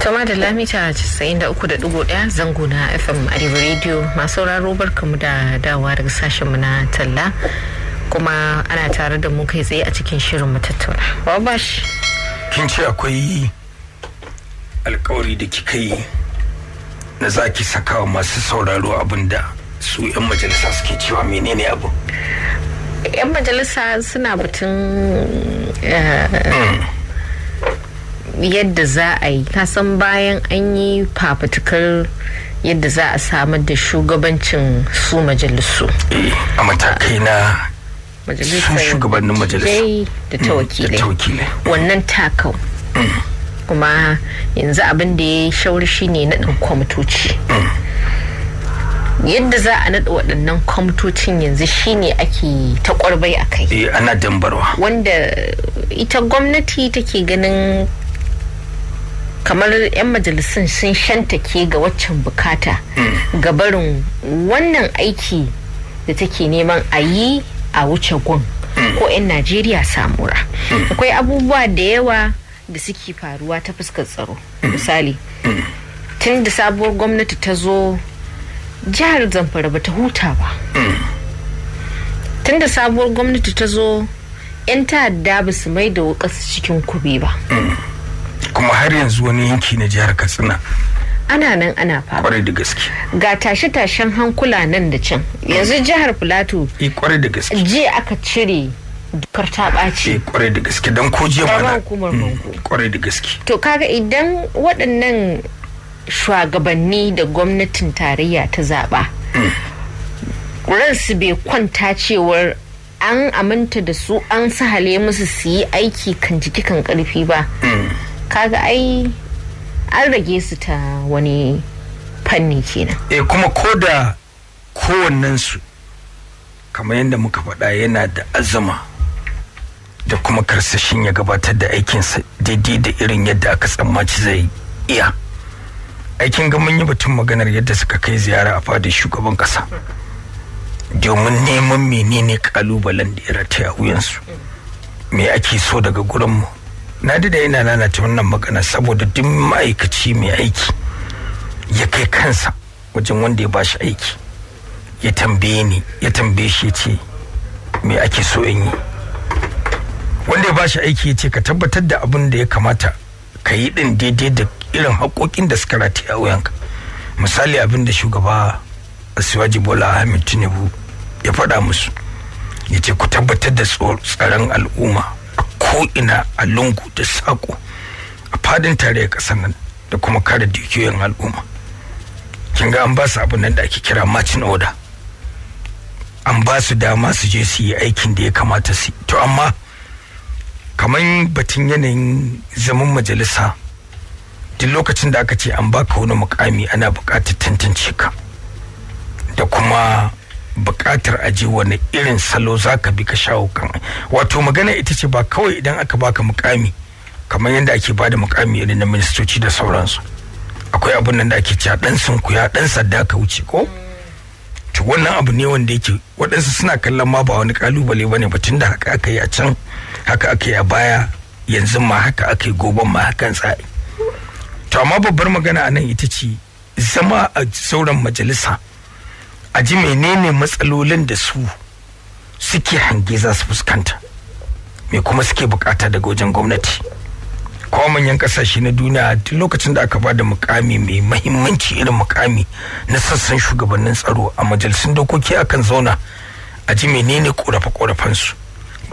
Tama da lamita 93.1 zango na FM Arewa Radio masu sauraro barkamu da dawa daga sashenmu na talla kuma ana tare da mu kai tsaye a cikin shirin matattauna. Wabash. Kin ce akwai alkawari da kika yi na zaki sakawa masu sauraro abin da su 'yan majalisa suke cewa menene abu. 'Yan majalisa suna batun eh, hmm. yadda za a yi kasan bayan an yi fafutukar yadda za a samar da shugabancin su majalisu a matakai na su shugabannin majalisu da ta mm, wannan takau mm. kuma yanzu abin da ya shauri shine naɗin kwamitoci mm. yadda za a naɗa waɗannan kwamitocin yanzu shine ake ta ƙwarbai a kai eh, ana dambarwa wanda ita gwamnati take ganin kamar 'yan majalisun sun shantake ga waccan bukata hmm. ga barin wannan aiki da take neman a yi a wuce gun hmm. ko 'yan najeriya samura hmm. akwai abubuwa da yawa da suke faruwa ta fuskar tsaro misali tun da sabuwar gwamnati ta zo jihar zamfara ba ta huta ba tun da sabuwar gwamnati ta zo 'yan ta'adda ba su mai da cikin kube ba kuma har yanzu wani yanki na jihar katsina ana nan ana fama kwarai da gaske ga tashe-tashen hankula nan da can yanzu mm. jihar plateau eh, kwarai da gaske je aka cire dukar ta e kwarai da gaske don ko jiya mana mm, kwarai da gaske to kaga idan waɗannan shugabanni da gwamnatin tarayya ta zaba. Mm. ransu bai kwanta cewar an aminta da su an sahale musu su yi aiki kan jiki kan ƙarfi ba kaga ai an rage su ta wani fanni kenan eh kuma koda kowannen su kamar yadda muka faɗa yana da azama da kuma karsashin ya gabatar da aikinsa daidai da irin yadda aka tsammaci zai iya aikin ga mun yi batun maganar yadda suka kai ziyara a fadin shugaban kasa domin neman menene kalubalen da ya rataya wuyansu me ake so daga gurinmu na da ina lalata wannan magana saboda duk ma'aikaci mai aiki ya kai kansa wajen wanda ya ba shi aiki ya tambaye ni ya tambaye shi ce me ake so in yi wanda ya ba shi aiki ya ce ka tabbatar da abin da ya kamata ka yi din daidai da irin haƙoƙin da suka rati a wuyanka misali abin da shugaba asiwaji bola ahmed tinubu ya faɗa musu ya ce ku tabbatar da tsaron al'umma Ko ina a lungu da saƙo a fadin tare ƙasar nan da kuma kare dukiyoyin al'umma kin ga an ba su abin nan da ake kira marching order an ba su dama su je su yi aikin da ya kamata su to amma kaman batun yanayin zaman majalisa duk lokacin da aka ce an baka wani mukami ana buƙatar tantance ka da kuma Bukatar aje wani irin salo za ka bi ka shawo kan wato magana ita ce ba kawai idan aka baka mukami kamar yadda ake bada mukami irin na ministoci da sauransu akwai abun nan da ake cewa dan sunkuya dan sadda wuce ko to wannan abu ne wanda yake waɗansu suna kallon ma ba wani kalubale bane ba tunda haka aka yi a can haka aka yi a baya yanzu ma haka aka yi goban ma hakan tsari to amma babbar magana a nan ita ce zama a sauran majalisa a ji menene matsalolin da su suke hange za su fuskanta me kuma suke bukata daga wajen gwamnati kuma manyan kasashe na duniya duk lokacin da aka ba da mukami mai mahimmanci irin mukami na sassan shugabannin tsaro a majalisun dokoki akan zauna a ji menene korafe su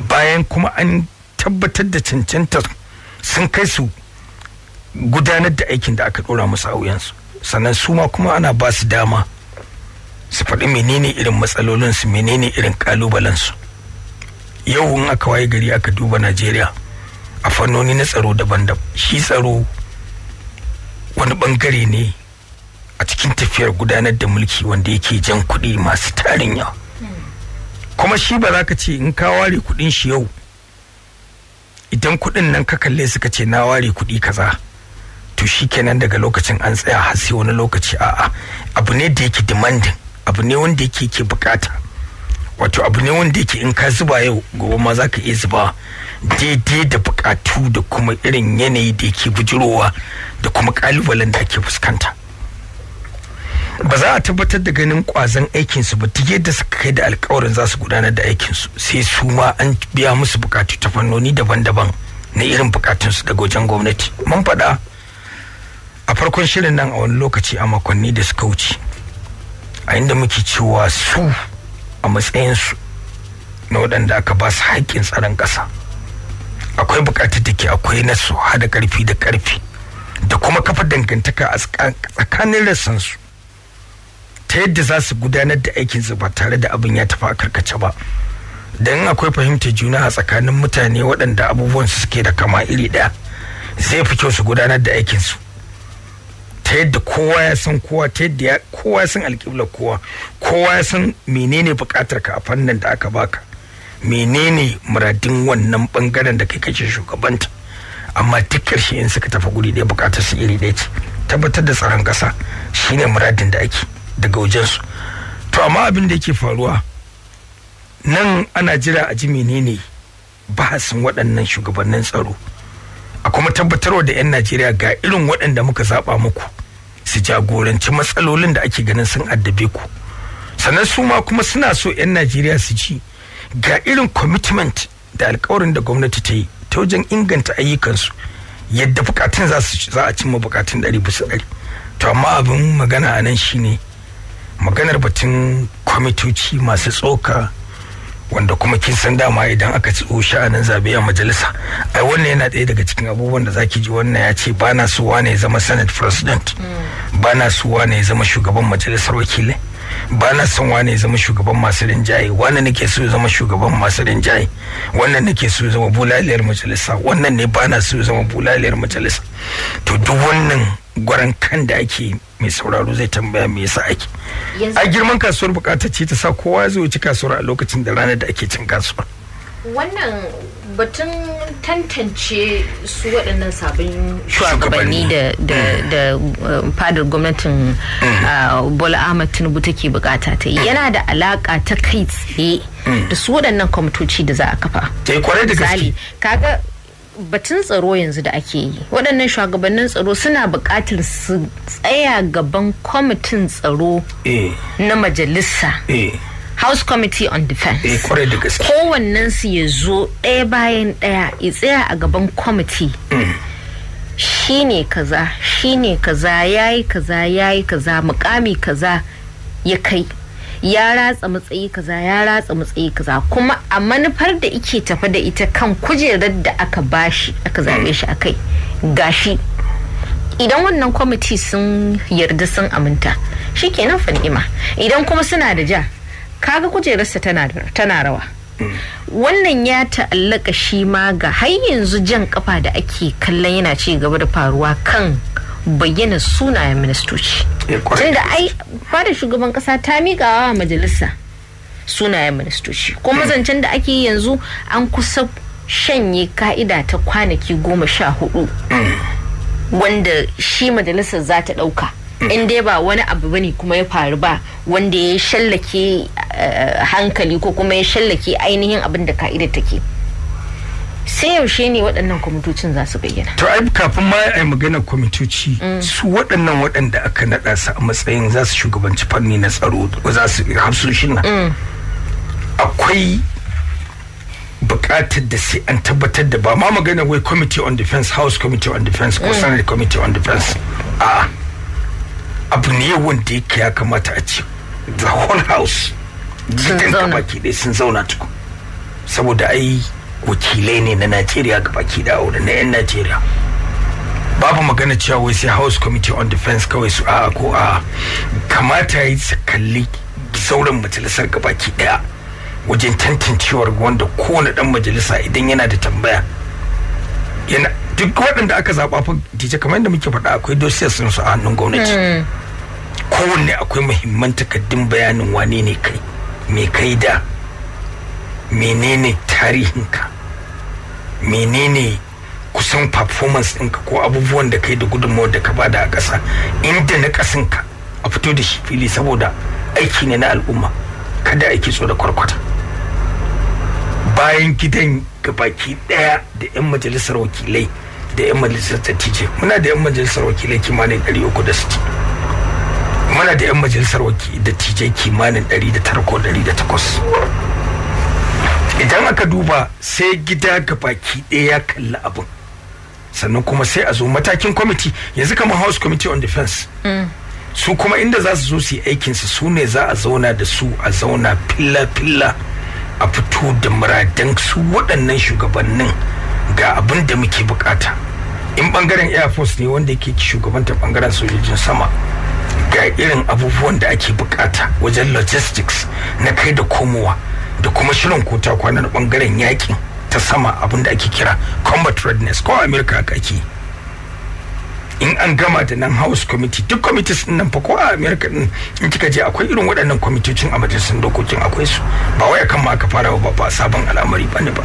bayan kuma an tabbatar da cancanta sun kai su gudanar da aikin da aka dora musu a wuyansu sannan su ma kuma ana ba su dama su faɗi menene irin matsalolin su menene irin kalubalen su yau in aka waye gari aka duba najeriya a fannoni na tsaro daban-daban shi tsaro wani bangare ne a cikin tafiyar gudanar da mulki wanda yake jan kuɗi masu tarin yawa kuma shi ba za ka ce in ka ware kuɗin shi yau idan kuɗin nan ka kalle suka ce na ware kuɗi kaza to shi kenan daga lokacin an tsaya har wani lokaci a'a abu ne da yake demanding abu ne wanda yake ke bukata wato abu ne wanda yake in ka zuba yau gobe ma za ka iya zuba daidai da bukatu da kuma irin yanayi da yake bujirowa da kuma kalubalen da ake fuskanta ba za a tabbatar da ganin kwazon aikinsu ba duk yadda suka kai da alkawarin za su gudanar da aikinsu sai su ma an biya musu bukatu ta fannoni daban-daban na irin bukatunsu daga wajen gwamnati mun faɗa a farkon shirin nan a wani lokaci a makonni da suka wuce a inda muke cewa su a matsayinsu na waɗanda aka ba su haƙƙin tsaron ƙasa akwai buƙatar da ke akwai na su hada ƙarfi da ƙarfi da kuma kafa dangantaka a tsakanin rassansu ta yadda za su gudanar da aikin ba tare da abin ya tafi a karkace ba don akwai fahimtar juna a tsakanin mutane waɗanda abubuwan su suke da kama iri ɗaya zai fi kyau su gudanar da aikinsu ta yadda kowa ya san kowa ta yadda kowa ya san alƙibla kowa kowa ya san menene buƙatar ka a fannin da aka baka menene muradin wannan bangaren da kai kake shugabanta amma duk karshe in suka tafi guri ɗaya buƙatar su iri ɗaya ce tabbatar da tsaron ƙasa shine muradin da ake daga wajensu to amma abin da yake faruwa nan ana jira a ji menene bahasin waɗannan shugabannin tsaro a kuma tabbatarwa da 'yan najeriya ga irin waɗanda muka zaɓa muku su jagoranci matsalolin da ake ganin sun addabe ku sannan su ma kuma suna so 'yan najeriya su ci ga irin commitment da alkawarin da gwamnati ta yi ta wajen inganta ayyukansu yadda bukatun za a cimma bukatun ɗari bisa ɗari to amma abin magana a nan shine maganar batun kwamitoci masu tsoka wanda kuma kin san dama idan aka ci sha'anin zabe a majalisa ai wannan yana ɗaya daga cikin abubuwan da zaki ji wannan ya ce bana so wane ya zama senate president mm. bana so wane ya zama shugaban majalisar wakilai bana son wane ya zama shugaban masu rinjaye wannan nake so ya zama shugaban masu rinjaye wannan nake so ya zama bulaliyar majalisa wannan ne bana so ya zama bulaliyar majalisa to duk wannan gwaran kan da ake mai sauraro zai tambaya me yasa ake a girman kasuwar bukata ce ta sa kowa zai wuce kasuwar a lokacin da ranar da ake cin kasuwa wannan batun tantance su waɗannan sabon shugabanni da da mm-hmm. uh, fadar gwamnatin mm-hmm. uh, bola ahmad tinubu take bukata ta yi yana da alaka ta kai tsaye mm. da su waɗannan kwamitoci da za a kafa kwarai da gaske kaga batun tsaro yanzu da ake yi waɗannan shugabannin tsaro suna buƙatar su tsaya gaban kwamitin tsaro eh. na majalisa eh. House Committee on Defense. kowannan eh, Kowannen su ya zo ɗaya bayan ɗaya ya tsaya a gaban kwamiti. Mm. Shi ne kaza, shi ne kaza, yayi kaza, yayi kaza, mukami kaza ya kai. ya ratsa matsayi kaza ya ratsa matsayi kaza kuma a manufar da ike tafa da ita kan kujerar da aka bashi aka zabe shi akai gashi idan wannan kwamiti sun yarda sun aminta shi nan fan'ima idan kuma suna da ja kaga kujerarsa tana rawa wannan ya ta'allaka shi ma ga har yanzu jan kafa da ake kallon yana ci gaba da faruwa kan bayyana sunayen ministoci Eh, tunda ai fara shugaban kasa ta miƙa wa majalisa sunayen ministoci kuma zancen da ake yanzu an kusa shanye ka'ida ta kwanaki goma sha hudu wanda shi majalisar za ta ɗauka in dai ba wani abu bane kuma ya faru ba wanda ya shallake eh, hankali ko kuma ya shallake ainihin abin da ka'idar take. sai yaushe ne waɗannan kwamitocin za su bayyana to ai kafin ma ai magana kwamitoci mm. su waɗannan waɗanda aka naɗa su a matsayin za su shugabanci fanni na tsaro za su hafsoshin nan mm. akwai bukatar da sai an tabbatar da ba ma magana wai committee on defense house committee on defense ko mm. senate committee on defense a abu ne wanda yake ya kamata a ce the whole house jikin gabaki sun zauna tukun saboda ai wakilai ne na Najeriya ga baki da wurin na 'yan Najeriya babu magana cewa wai sai House Committee on Defense kawai su a ko a kamata yi su kalli sauran majalisar gabaki daya wajen tantancewar wanda kowane dan majalisa idan yana da tambaya yana duk waɗanda aka zaɓa fa dije kamar yadda muke faɗa akwai dosiyar sun su a hannun gwamnati hmm. kowanne akwai muhimman takaddun bayanin wane ne kai me kai da menene tarihinka menene kusan performance ɗinka ko abubuwan da kai da gudunmawar da ka bada a ƙasa inda na ka a fito da shi fili saboda aiki ne na al'umma kada aiki so da kwarkwata bayan gidan baki ɗaya da 'yan majalisar wakilai da 'yan majalisar dattijai muna da 'yan majalisar wakilai kimanin 360 muna da 'yan majalisar wakilai dattijai kimanin 109 ko 108 aka duba sai gida ga baki ɗaya ya kalli abun sannan kuma sai a zo matakin kwamiti yanzu kamar house committee on defense mm. su kuma inda za su zo su yi aikinsu su ne za a zauna da su a zauna filla-filla a fito da muradan su waɗannan shugabannin ga abin da muke bukata in bangaren air force ne wanda yake shugabanta bangaren sojojin sama ga irin abubuwan da ake bukata wajen logistics na kai da komowa da kuma shirin kota kwana na bangaren yakin ta sama abin da ake kira combat readiness ko america kake in an gama da nan house committee duk committees din nan fa ko a america din in kika je akwai irin waɗannan kwamitocin a majalisar dokokin akwai su ba waya kan ma aka fara ba ba sabon al'amari ba ne ba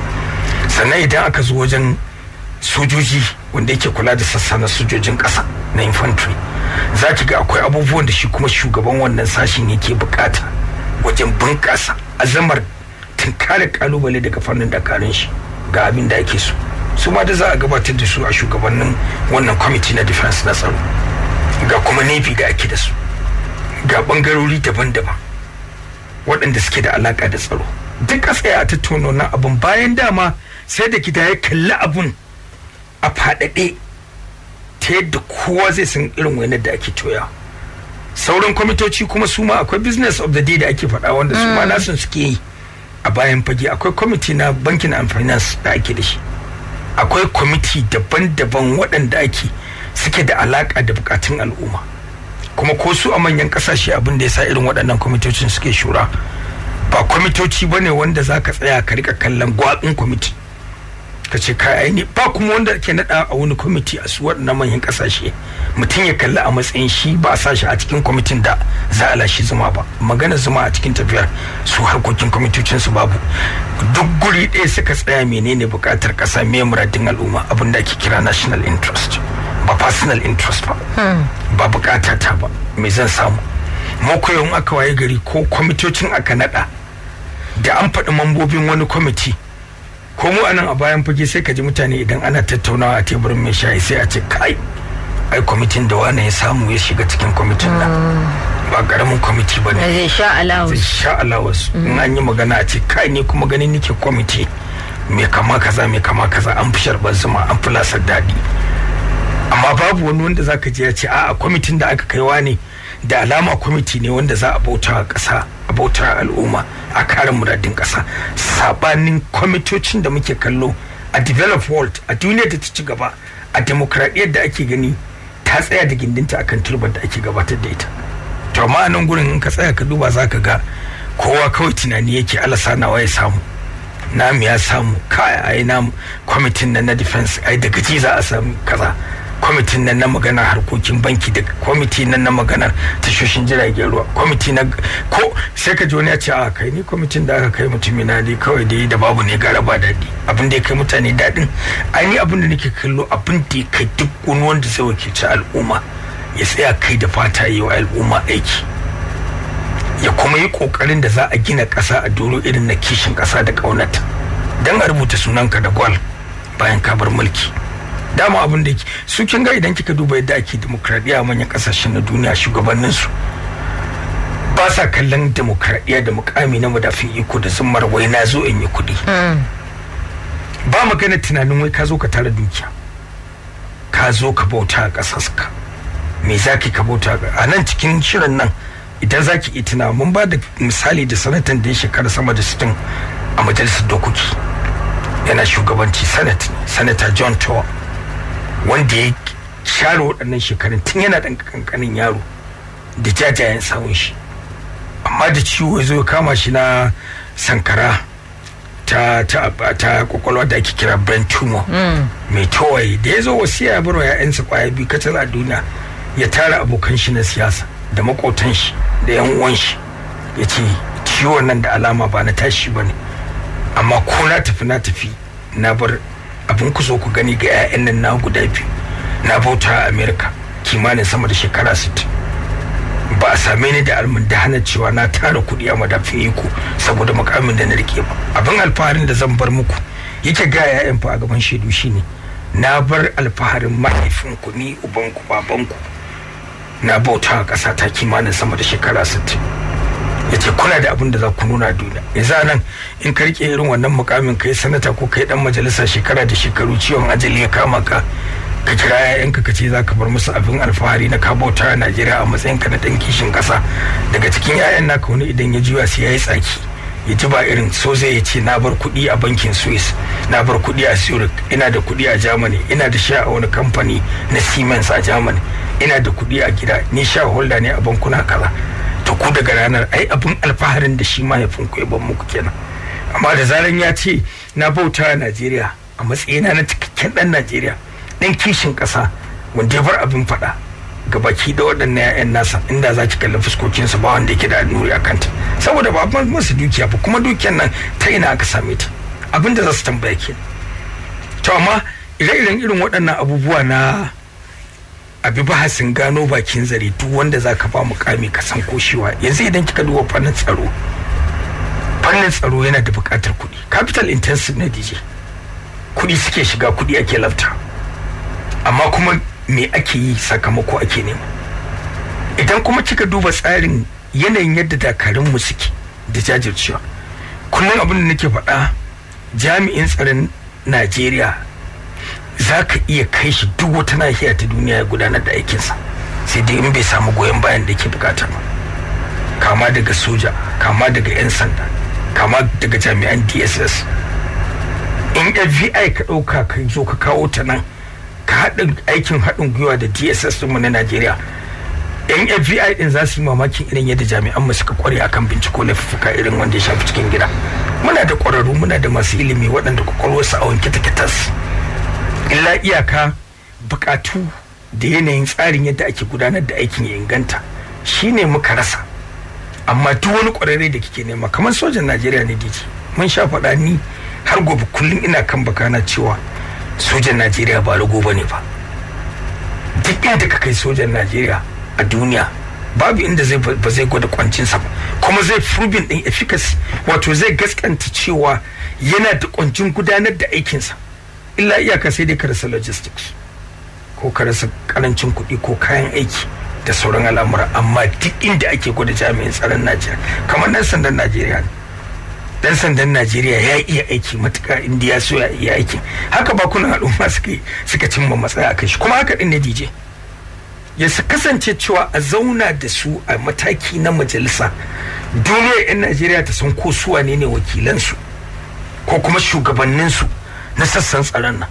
sannan idan aka zo wajen sojoji wanda yake kula da sassa na sojojin ƙasa na infantry za ki ga akwai abubuwan da shi kuma shugaban wannan sashin yake bukata wajen bunƙasa azamar kare kalubale daga fannin dakarun shi ga abin da ake so su ma da za a gabatar da su a shugabannin wannan kwamiti na defense na tsaro ga kuma nefi da ake da su ga bangarori daban-daban waɗanda suke da alaƙa da tsaro duk a tsaya a tattauna na abin bayan dama sai da gida ya kalli abun a faɗaɗe ta yadda kowa zai san irin wainar da ake toya sauran kwamitoci kuma su ma akwai business of the day da ake faɗa wanda su ma mm. nasu suke yi a bayan fage akwai kwamiti na bankin and finance da ake da shi akwai kwamiti daban-daban waɗanda ake suke da alaƙa da bukatun al'umma kuma ko su a manyan ƙasashe abin da ya sa irin waɗannan kwamitocin suke shura ba kwamitoci ba ne wanda za ka tsaya ka riƙa kallon gwaɗin kwamiti suka ce kai ne ba kuma wanda ke nada a wani kwamiti a su waɗannan manyan kasashe mutum ya kalli a matsayin shi ba a sashi a cikin kwamitin da za a lashi zuma ba magana zuma a cikin tafiyar su harkokin kwamitocin su babu duk guri ɗaya suka tsaya menene buƙatar ƙasa me muradin al'umma abin da ake kira national interest ba personal interest ba hmm. ba buƙata ta ba me zan samu mu koyon aka waye gari ko kwamitocin aka nada da an faɗi mambobin wani kwamiti ko mu anan a bayan fage sai ka ji mutane idan ana tattaunawa a teburin mai shayi sai a ce kai ai kwamitin da wani ya samu ya shiga cikin kwamitin nan ba karamin kwamiti ba ne zai sha alawas zai sha alawas in an yi magana a ce kai ne kuma ganin nake kwamiti mai kama kaza mai kama kaza an fi sharban zuma an fi lasar daɗi amma babu wani wanda zaka je ya ce a'a kwamitin da aka kaiwa ne da alama kwamiti ne wanda za a bauta kasa a bauta al'umma a karin muradin kasa sabanin kwamitocin da muke kallo a develop world a duniya da ta ci gaba a demokradiyyar da ake gani ta tsaya da gindinta a akan turbar da ake gabatar da ita to amma nan gurin in ka tsaya ka duba za ka ga kowa kawai tunani yake alasa nawa ya samu namu ya samu kai ai namu kwamitin nan na defense ai da ji za a samu kaza kwamitin nan na magana harkokin banki da kwamiti nan na maganar tashoshin jiragen ruwa kwamiti na ko sai ka ji wani ya ce a kai ni kwamitin da aka kai mutum na dai kawai dai da babu ne gara ba daɗi abin da ya kai mutane daɗin ai ni abin da nake kallo abin da ya kai duk wani wanda zai wakilci al'umma ya tsaya kai da fata yi wa al'umma aiki ya kuma yi kokarin da za a gina ƙasa a doro irin na kishin ƙasa da ƙaunata don a rubuta sunanka da gwal bayan kabar mulki dama abin da su kin ga idan kika duba yadda ake demokradiya a manyan kasashen na duniya shugabannin su ba sa kallon demokradiya da mukami na madafin iko da sun marwai na zo in yi kuɗi hmm. ba magana tunanin wai ka zo ka tara dukiya ka zo ka bauta a ƙasarka me za ki ka bauta a nan cikin shirin nan idan za ki itina tuna mun ba da misali da sanatan da ya shekara sama da sitin a majalisar dokoki yana shugabanci sanat sanata john tower wanda ya share waɗannan shekarun tun yana ɗan ƙanƙanin yaro da jajayen samun shi amma da ciwo ya zo ya kama shi na sankara ta ta kwakwalwa da ake kira brain tumor mm. mai tawaye da ya zo wasu ya bar wa ya'yansa kwaya biyu kacal a duniya ya tara abokan shi na siyasa da makotan shi da yan uwan shi ya ce ciwon nan da alama ba na tashi ba ne amma ko na tafi na tafi na bar abin ku zo ku gani ga 'ya'yan nan na guda biyu na bauta a amerika kimanin sama da shekara 60 ba a same ni da almin da hana cewa na tara kuɗi a madafin iko saboda makamin da na rike ba abin alfaharin da zan bar muku yake ga 'ya'yan fa a gaban shaidu shine na bar alfaharin mahaifinku ni ubanku babanku na bauta a ƙasa ta kimanin sama da shekara 60 ya ce kuna da abin da za ku nuna duniya yanzu nan in ka rike irin wannan mukamin kai sanata ko kai dan majalisa shekara da shekaru ciwon ajali ya kama ka ka kira yayanka ka ce za ka bar musu abin alfahari na kabota a najeriya a matsayinka na dan kishin kasa daga cikin yayan naka wani idan ya juya sai ya yi tsaki ya ji ba irin so zai ya ce na bar kuɗi a bankin swiss na bar kuɗi a zurich ina da kuɗi a germany ina da sha a wani kamfani na siemens a germany ina da kuɗi a gida ni sha holda ne a bankuna kaza to ku daga ranar ai abin alfaharin da shi ma mahaifin ku ban muku kenan amma da zaran ya ce na bauta a Najeriya a matsayina na cikakken dan Najeriya dan kishin ƙasa wanda ya bar abin faɗa ga baki da waɗannan 'ya'yan nasa inda za ki kalli fuskokinsu ba wanda yake da nuri a kanta saboda ba ban musu dukiya ba kuma dukiyan nan ta ina aka same ta abin da za su tambaya ke to amma ire-iren irin waɗannan abubuwa na abi bahasin gano bakin zare duk wanda za ka ba mukami ka san koshewa yanzu idan kika duba fannin tsaro fannin tsaro yana da buƙatar kuɗi capital intensive na dj kuɗi suke shiga kuɗi ake lafta amma kuma me ake yi sakamako ake nema idan kuma kika duba tsarin yanayin yadda mu suke da jajircewa kullum abin da nake faɗa jami'in tsaron najeriya za ka iya kai shi duk wata nahiya ta duniya ya gudanar da aikinsa sai dai in bai samu goyon bayan da yake bukata ba kama daga soja kama daga 'yan sanda kama daga jami'an dss in fbi ka ɗauka ka zo ka kawo ta nan ka haɗin aikin haɗin gwiwa da dss mu na najeriya yan fbi din za su yi mamakin irin yadda jami'an mu suka kware akan binciko na fuka irin wanda ya shafi cikin gida muna da ƙwararru muna da masu ilimi waɗanda kwakwalwarsu a wanke take illa iyaka bukatu da yanayin tsarin yadda ake gudanar da aikin ya inganta shi ne muka rasa amma duk wani kwararre da kike nema kamar sojan najeriya ne diji mun sha faɗa ni har gobe kullum ina kan bakana cewa sojan najeriya ba rago ba ne ba duk inda ka kai sojan najeriya a duniya babu inda zai ba zai gwada kwancinsa ba kuma zai furubin din efficacy wato zai gaskanta cewa yana da kwancin gudanar da aikinsa illa iyaka sai dai ka rasa logistics ko ka rasa karancin kuɗi ko kayan aiki da sauran al'amura amma duk inda ake gwada jami'in tsaron najeriya kamar dan sandan najeriya dan sandan najeriya ya iya aiki matuka inda ya so ya iya aiki haka ba bakunan al'umma suka suka cimma matsaya a kai shi kuma haka din ne dj ya su kasance cewa a zauna da su a mataki na majalisa duniya 'yan najeriya ta san ko su wane ne wakilansu ko kuma shugabanninsu na sassan tsaron nan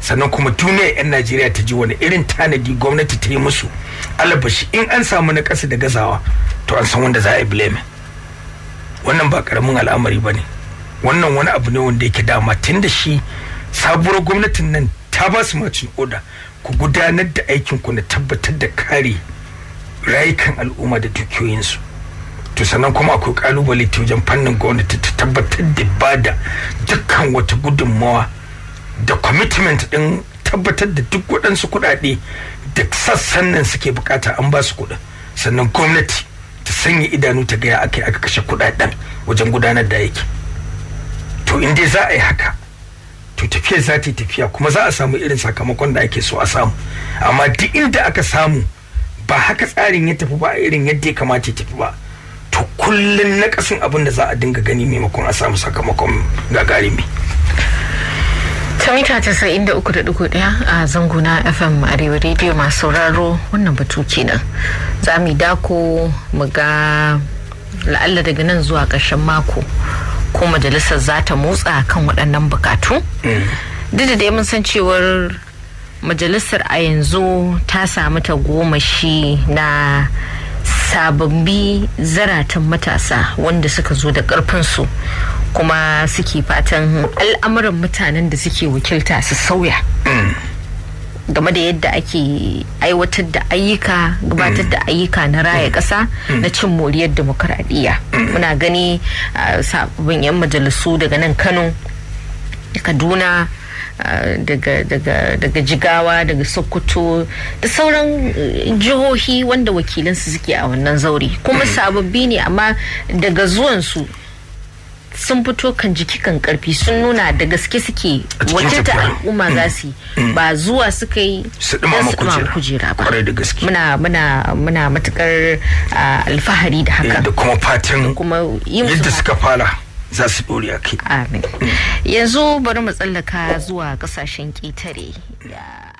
sannan kuma duniya 'yan najeriya ta ji wani irin tanadi gwamnati ta yi musu alabashi in an samu na ƙasa da gazawa to an san wanda za a yi blame wannan ba karamin al'amari ba ne wannan wani abu ne wanda yake dama tun da shi sabuwar gwamnatin nan ta ba su macin oda ku gudanar da aikin ku na tabbatar da kare rayukan al'umma da dukiyoyinsu to sannan kuma akwai kalubale ta wajen fannin gwamnati ta tabbatar da bada dukkan wata gudunmawa da commitment din tabbatar da duk waɗansu kuɗaɗe da sassan nan suke bukata an ba su kuɗin sannan gwamnati ta sanya idanu ta gaya aka aka kashe kuɗaɗen wajen gudanar da yake to in dai za a yi haka to tafiya za ta yi tafiya kuma za a samu irin sakamakon da ake so a samu amma duk inda aka samu ba haka tsarin ya tafi ba irin yadda ya kamata ya tafi ba to kullum na kasin abin da za a dinga gani maimakon a samu sakamakon gagarumi ta mita casa'in da uku da dugu daya a zanguna fm arewa radio masu sauraro wannan batu kenan za mu dako mu ga la'alla daga nan zuwa ƙarshen mako ko majalisar za ta motsa kan waɗannan bukatu mm. duk da dai mun san cewar majalisar a yanzu ta samu ta goma shi na sababbi zaratan matasa wanda suka zo da ƙarfinsu kuma suke fatan al'amuran mutanen da suke wakilta su sauya game da yadda ake aiwatar da ayyuka gabatar da ayyuka na raya kasa na cin moriyar demokaradiyya muna gani sabon 'yan majalisu daga nan kano kaduna daga jigawa daga sokoto da sauran eh, jihohi wanda wakilansu suke a wannan zaure kuma sababbi ne amma daga zuwansu sun fito kan jiki kan karfi sun nuna da gaske suke wakilta al'umma za su mm. ba zuwa suka yi su dumama kujera ba da gaske muna muna muna matukar alfahari da haka eh, da kuma fatan yadda suka fara za su dore a kai mm. yanzu bari mu tsallaka zuwa kasashen ƙetare